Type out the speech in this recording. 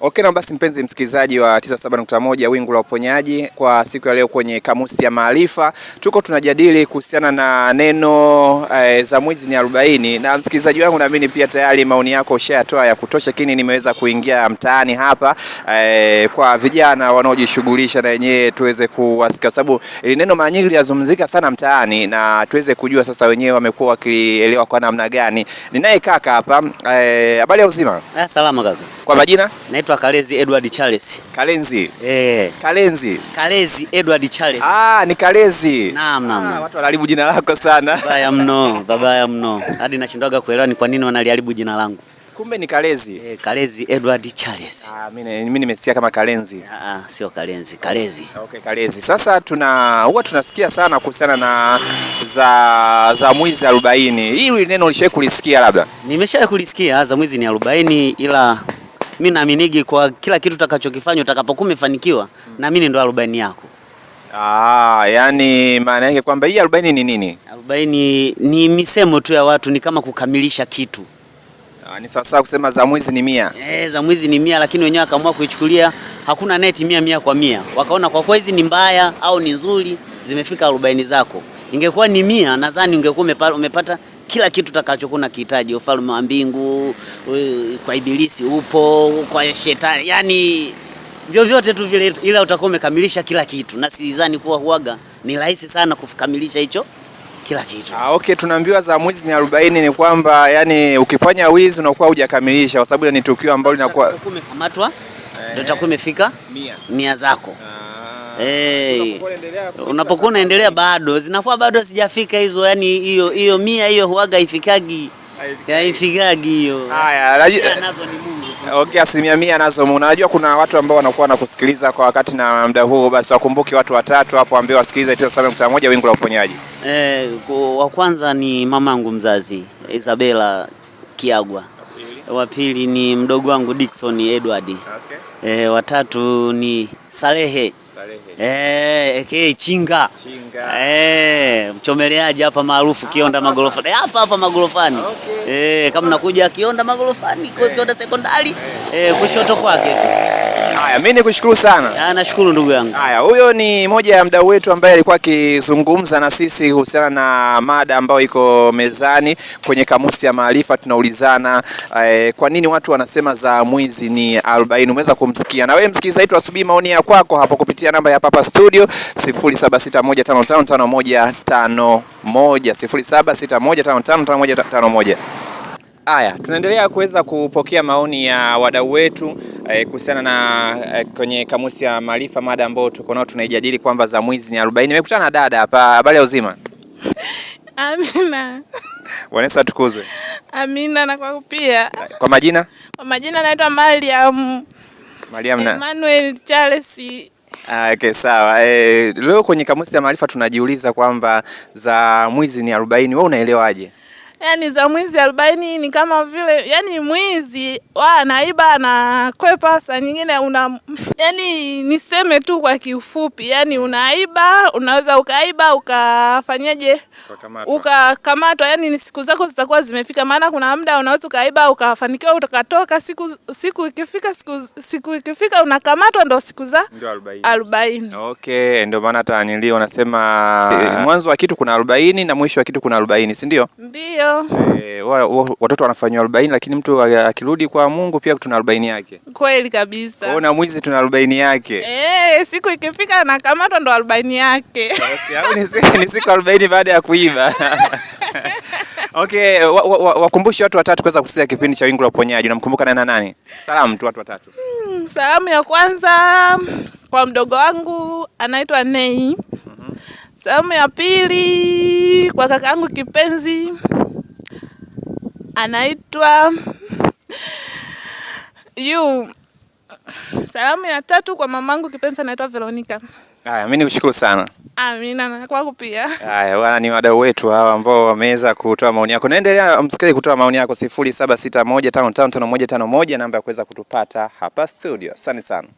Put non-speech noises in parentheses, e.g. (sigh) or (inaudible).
Okay, na basi mpenzi msikilizaji wa 97.1 Wingu la Uponyaji, kwa siku ya leo kwenye Kamusi ya Maarifa tuko tunajadili kuhusiana na neno e, za mwizi ni arobaini. Na msikilizaji wangu, naamini pia tayari maoni yako ushayatoa ya kutosha, lakini nimeweza kuingia mtaani hapa e, kwa vijana wanaojishughulisha na wenyewe tuweze kuwasikia, sababu ili neno mara nyingi linazungumzika sana mtaani na tuweze kujua sasa wenyewe wamekuwa wakielewa kwa namna gani. Ninaye kaka hapa e, habari ya uzima? Ah, salama kaka. Kwa majina? Naitwa anaitwa Kalenzi Edward Charles. Kalenzi. Eh. Kalenzi. Kalenzi Edward Charles. Ah, ni Kalenzi. Naam, naam. Ah, watu wanaharibu jina lako sana. Baya mno, babaya mno. Hadi nashindwaga kuelewa ni kwa nini wanaliharibu jina langu. Kumbe ni Kalezi. Eh, Kalezi Edward Charles. Ah, mimi mimi nimesikia kama Kalenzi. Ah, ah sio Kalenzi, Kalezi. Okay, Kalezi. Sasa tuna huwa tunasikia sana kuhusiana na za za mwizi 40. Hili neno ulishawahi kulisikia labda? Nimeshawahi kulisikia za mwizi ni 40 ila mimi naaminigi kwa kila kitu utakachokifanya utakapokuwa umefanikiwa hmm. mimi ndo arobaini yako. Ah, yani maana yake kwamba hii arobaini ni nini? Arobaini ni misemo tu ya watu, ni kama kukamilisha kitu. Ah, ni sawasawa kusema za mwizi ni mia. Eh, za mwizi ni mia, lakini wenyewe akaamua kuichukulia hakuna neti mia mia kwa mia, wakaona kwa kuwa hizi ni mbaya au ni nzuri, zimefika arobaini zako ingekuwa ni mia, nadhani ungekuwa umepata kila kitu utakachokuwa unakihitaji. Ufalme wa mbingu kwa Ibilisi upo, kwa shetani, yani vyovyote tu vile, ila utakuwa umekamilisha kila kitu, na sidhani kuwa huaga ni rahisi sana kukamilisha hicho kila kitu. Ah, okay, tunaambiwa za mwizi ni arobaini. Ni kwamba yani ukifanya wizi unakuwa hujakamilisha, kwa sababu ni tukio ambalo linakuwa umekamatwa, ndio utakuwa umefika eh, mia zako. ah hey. Unapokuwa unaendelea bado zinakuwa bado hazijafika hizo, yani hiyo hiyo mia hiyo huaga ifikagi haifikagi hiyo. Haya, nazo ni Mungu. Okay, asilimia mia nazo Mungu. Unajua kuna watu ambao wanakuwa wanakusikiliza kwa wakati na muda huu, basi wakumbuke watu watatu hapo ambao sana Nukta Moja Wingu la Uponyaji. Eh, wa kwanza ni mamangu mzazi Isabella Kiagwa, wa pili ni mdogo wangu Dickson Edward, okay. Eh, watatu ni Salehe Eh, aka eh, chinga eh, mchomeleaji hapa maarufu Kionda Magorofani eh, hapa hapa Magorofani okay. Eh, kama nakuja Kionda Magorofani Kionda eh. sekondari eh, kushoto kwake Haya, mimi nikushukuru sana. Ah, Nashukuru ndugu yangu. Haya, huyo ni moja ya mdau wetu ambaye alikuwa akizungumza na sisi kuhusiana na mada ambayo iko mezani kwenye kamusi ya maarifa. Tunaulizana eh, kwa nini watu wanasema za mwizi ni 40? Umeweza kumsikia na wewe msikilizaji wetu, asubuhi maoni ya kwako hapo kupitia namba ya Papa Studio 0761555151 0761555151. Haya, tunaendelea kuweza kupokea maoni ya wadau wetu e, kuhusiana na e, kwenye kamusi ya maarifa, mada ambayo tuko nao tunaijadili kwamba za mwizi ni 40. Nimekutana na dada hapa, habari ya uzima? (laughs) Amina. Wanesa tukuzwe. Amina na kwa pia. Kwa majina? Kwa majina naitwa Mariam. Mariam na Emmanuel Charles. Ah, okay, sawa. E, leo kwenye kamusi ya maarifa tunajiuliza kwamba za mwizi ni 40. Wewe unaelewaje? yani za mwizi arobaini ni kama vile yani mwizi anaiba anakwepa, sa nyingine una yani, niseme tu kwa kiufupi, yani unaiba, unaweza ukaiba ukafanyaje, ukakamatwa, yani ni siku zako zitakuwa zimefika. Maana kuna muda unaweza ukaiba ukafanikiwa, utakatoka siku siku ikifika siku, siku ikifika unakamatwa, ndo siku za arobaini. Okay, ndio maana hata anilio nasema eh, mwanzo wa kitu kuna arobaini na mwisho wa kitu kuna arobaini, si ndio? Ndio leo E, watoto wanafanywa arobaini lakini mtu akirudi kwa Mungu pia tuna arobaini yake. Kweli kabisa. na mwizi tuna arobaini yake. Eh, siku ikifika anakamatwa ndo arobaini yake. Ni siku arobaini baada ya kuiva (laughs) Okay, wakumbushi wa, wa, watu watatu kuweza kusikia kipindi cha Wingu la Uponyaji. Unamkumbuka nani na nani? Salamu tu watu watatu. Hmm, salamu ya kwanza kwa mdogo wangu anaitwa Nei. Mhm. Salamu ya pili kwa kakaangu kipenzi anaitwa Yu. Salamu ya tatu kwa mamangu kipenzi anaitwa Veronica. Haya, mimi nikushukuru sana. Amina na kwako pia. Haya, wana ni wadau wetu hawa ambao wameweza kutoa maoni yako. Naendelea msikilizaji kutoa maoni yako 0761555151 namba ya kuweza kutupata hapa studio. Asante sana.